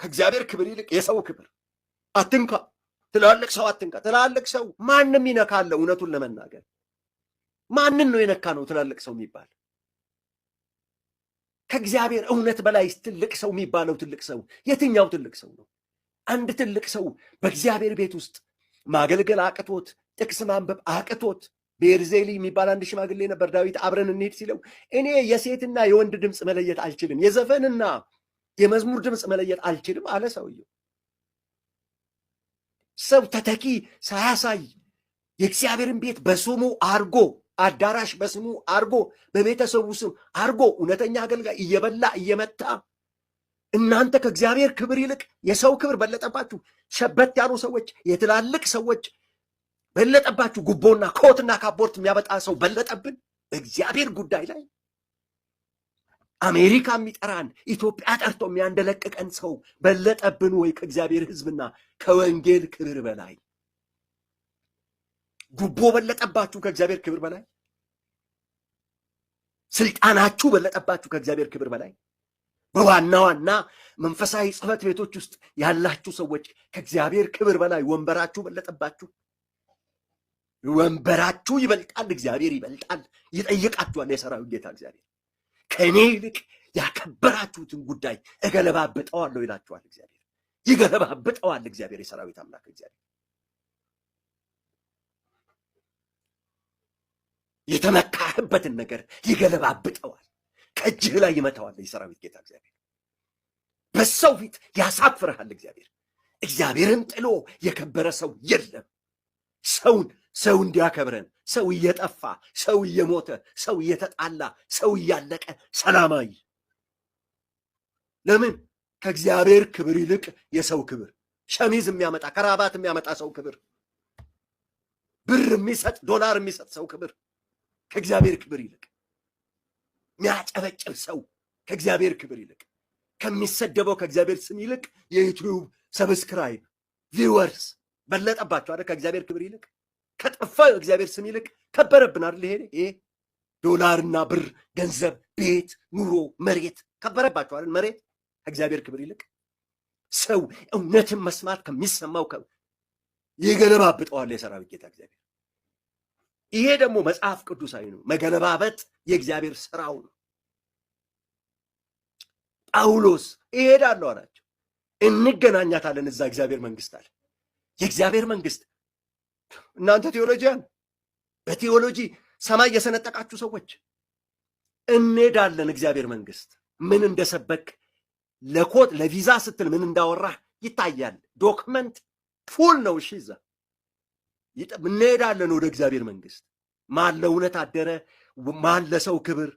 ከእግዚአብሔር ክብር ይልቅ የሰው ክብር አትንካ፣ ትላልቅ ሰው አትንካ። ትላልቅ ሰው ማንም ይነካለ። እውነቱን ለመናገር ማንን ነው የነካ ነው ትላልቅ ሰው የሚባል? ከእግዚአብሔር እውነት በላይ ትልቅ ሰው የሚባለው ትልቅ ሰው የትኛው ትልቅ ሰው ነው? አንድ ትልቅ ሰው በእግዚአብሔር ቤት ውስጥ ማገልገል አቅቶት ጥቅስ ማንበብ አቅቶት ቤርዜሊ የሚባል አንድ ሽማግሌ ነበር። ዳዊት አብረን እንሄድ ሲለው እኔ የሴትና የወንድ ድምፅ መለየት አልችልም፣ የዘፈንና የመዝሙር ድምፅ መለየት አልችልም አለ ሰውየው። ሰው ተተኪ ሳያሳይ የእግዚአብሔርን ቤት በስሙ አርጎ አዳራሽ በስሙ አርጎ በቤተሰቡ ስም አርጎ እውነተኛ አገልጋይ እየበላ እየመታ እናንተ ከእግዚአብሔር ክብር ይልቅ የሰው ክብር በለጠባችሁ። ሸበት ያሉ ሰዎች፣ የትላልቅ ሰዎች በለጠባችሁ። ጉቦና ኮትና ካቦርት የሚያበጣ ሰው በለጠብን። በእግዚአብሔር ጉዳይ ላይ አሜሪካ የሚጠራን ኢትዮጵያ ጠርቶ የሚያንደለቅቀን ሰው በለጠብን ወይ? ከእግዚአብሔር ሕዝብና ከወንጌል ክብር በላይ ጉቦ በለጠባችሁ ከእግዚአብሔር ክብር በላይ ስልጣናችሁ በለጠባችሁ ከእግዚአብሔር ክብር በላይ በዋና ዋና መንፈሳዊ ጽሕፈት ቤቶች ውስጥ ያላችሁ ሰዎች ከእግዚአብሔር ክብር በላይ ወንበራችሁ በለጠባችሁ። ወንበራችሁ ይበልጣል፣ እግዚአብሔር ይበልጣል። ይጠይቃችኋል የሰራዊት ጌታ እግዚአብሔር ከእኔ ይልቅ ያከበራችሁትን ጉዳይ እገለባብጠዋለሁ ይላችኋል። እግዚአብሔር ይገለባብጠዋል። እግዚአብሔር የሰራዊት አምላክ እግዚአብሔር የተመካህበትን ነገር ይገለባብጠዋል። ከእጅህ ላይ ይመታዋል። የሰራዊት ጌታ እግዚአብሔር በሰው ፊት ያሳፍርሃል። እግዚአብሔር እግዚአብሔርን ጥሎ የከበረ ሰው የለም። ሰውን ሰው እንዲያከብረን ሰው እየጠፋ ሰው እየሞተ ሰው እየተጣላ ሰው እያለቀ ሰላማዊ። ለምን ከእግዚአብሔር ክብር ይልቅ የሰው ክብር፣ ሸሚዝ የሚያመጣ ከራባት የሚያመጣ ሰው ክብር፣ ብር የሚሰጥ ዶላር የሚሰጥ ሰው ክብር ከእግዚአብሔር ክብር ይልቅ፣ የሚያጨበጭብ ሰው ከእግዚአብሔር ክብር ይልቅ፣ ከሚሰደበው ከእግዚአብሔር ስም ይልቅ የዩቲዩብ ሰብስክራይብ ቪወርስ በለጠባቸው አይደል? ከእግዚአብሔር ክብር ይልቅ ከጠፋ እግዚአብሔር ስም ይልቅ ከበረብን አይደል? ይሄ ይሄ ዶላርና ብር፣ ገንዘብ፣ ቤት፣ ኑሮ፣ መሬት ከበረባቸው አይደል? መሬት ከእግዚአብሔር ክብር ይልቅ ሰው እውነትን መስማት ከሚሰማው ይገለባብጠዋል የሰራዊት ጌታ እግዚአብሔር። ይሄ ደግሞ መጽሐፍ ቅዱሳዊ ነው። መገለባበጥ የእግዚአብሔር ስራው ነው። ጳውሎስ ይሄዳለሁ አላቸው። እንገናኛታለን እዛ እግዚአብሔር መንግስት አለ። የእግዚአብሔር መንግስት እናንተ ቴዎሎጂያን በቴዎሎጂ ሰማይ የሰነጠቃችሁ ሰዎች እንሄዳለን እግዚአብሔር መንግስት ምን እንደሰበክ ለኮት ለቪዛ ስትል ምን እንዳወራህ ይታያል። ዶክመንት ፉል ነው። እሺ እዛ እንሄዳለን ወደ እግዚአብሔር መንግስት። ማን ለእውነት አደረ፣ ማን ለሰው ክብር፣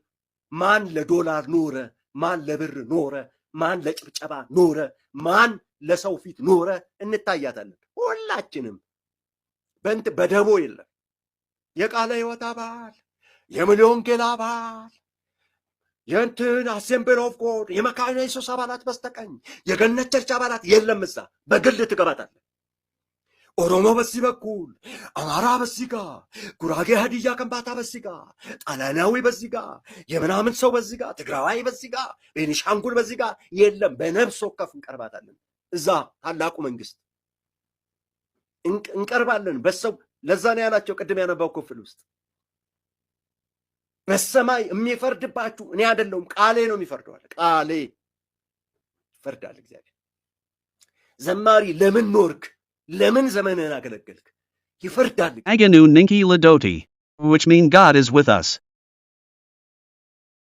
ማን ለዶላር ኖረ፣ ማን ለብር ኖረ፣ ማን ለጭብጨባ ኖረ፣ ማን ለሰው ፊት ኖረ። እንታያታለን ሁላችንም በንት በደቦ የለም። የቃለ ሕይወት አባል፣ የሙሉ ወንጌል አባል፣ የእንትን አሴምብል ኦፍ ጎድ፣ የመካነ ኢየሱስ አባላት በስተቀኝ የገነት ቸርች አባላት የለም። እዛ በግል ትገባታለ። ኦሮሞ በዚህ በኩል፣ አማራ በዚህ ጋ፣ ጉራጌ ሀዲያ ከምባታ በዚህ ጋ፣ ጣሊያናዊ በዚህ ጋ፣ የምናምን ሰው በዚህ ጋ፣ ትግራዋይ በዚህ ጋ፣ ቤኒሻንጉል በዚህ ጋ የለም። በነብስ ወከፍ እንቀርባታለን። እዛ ታላቁ መንግስት እንቀርባለን። በሰው ለዛ ነው ያላቸው ቅድም ያነባው ክፍል ውስጥ በሰማይ የሚፈርድባችሁ እኔ አይደለሁም ቃሌ ነው የሚፈርደዋል። ቃሌ ይፈርዳል እግዚአብሔር። ዘማሪ ለምን ኖርክ? ለምን ዘመንህን አገለገልክ? ይፈርዳል። አገኑ ንንኪ ለዶቲ which mean God is with us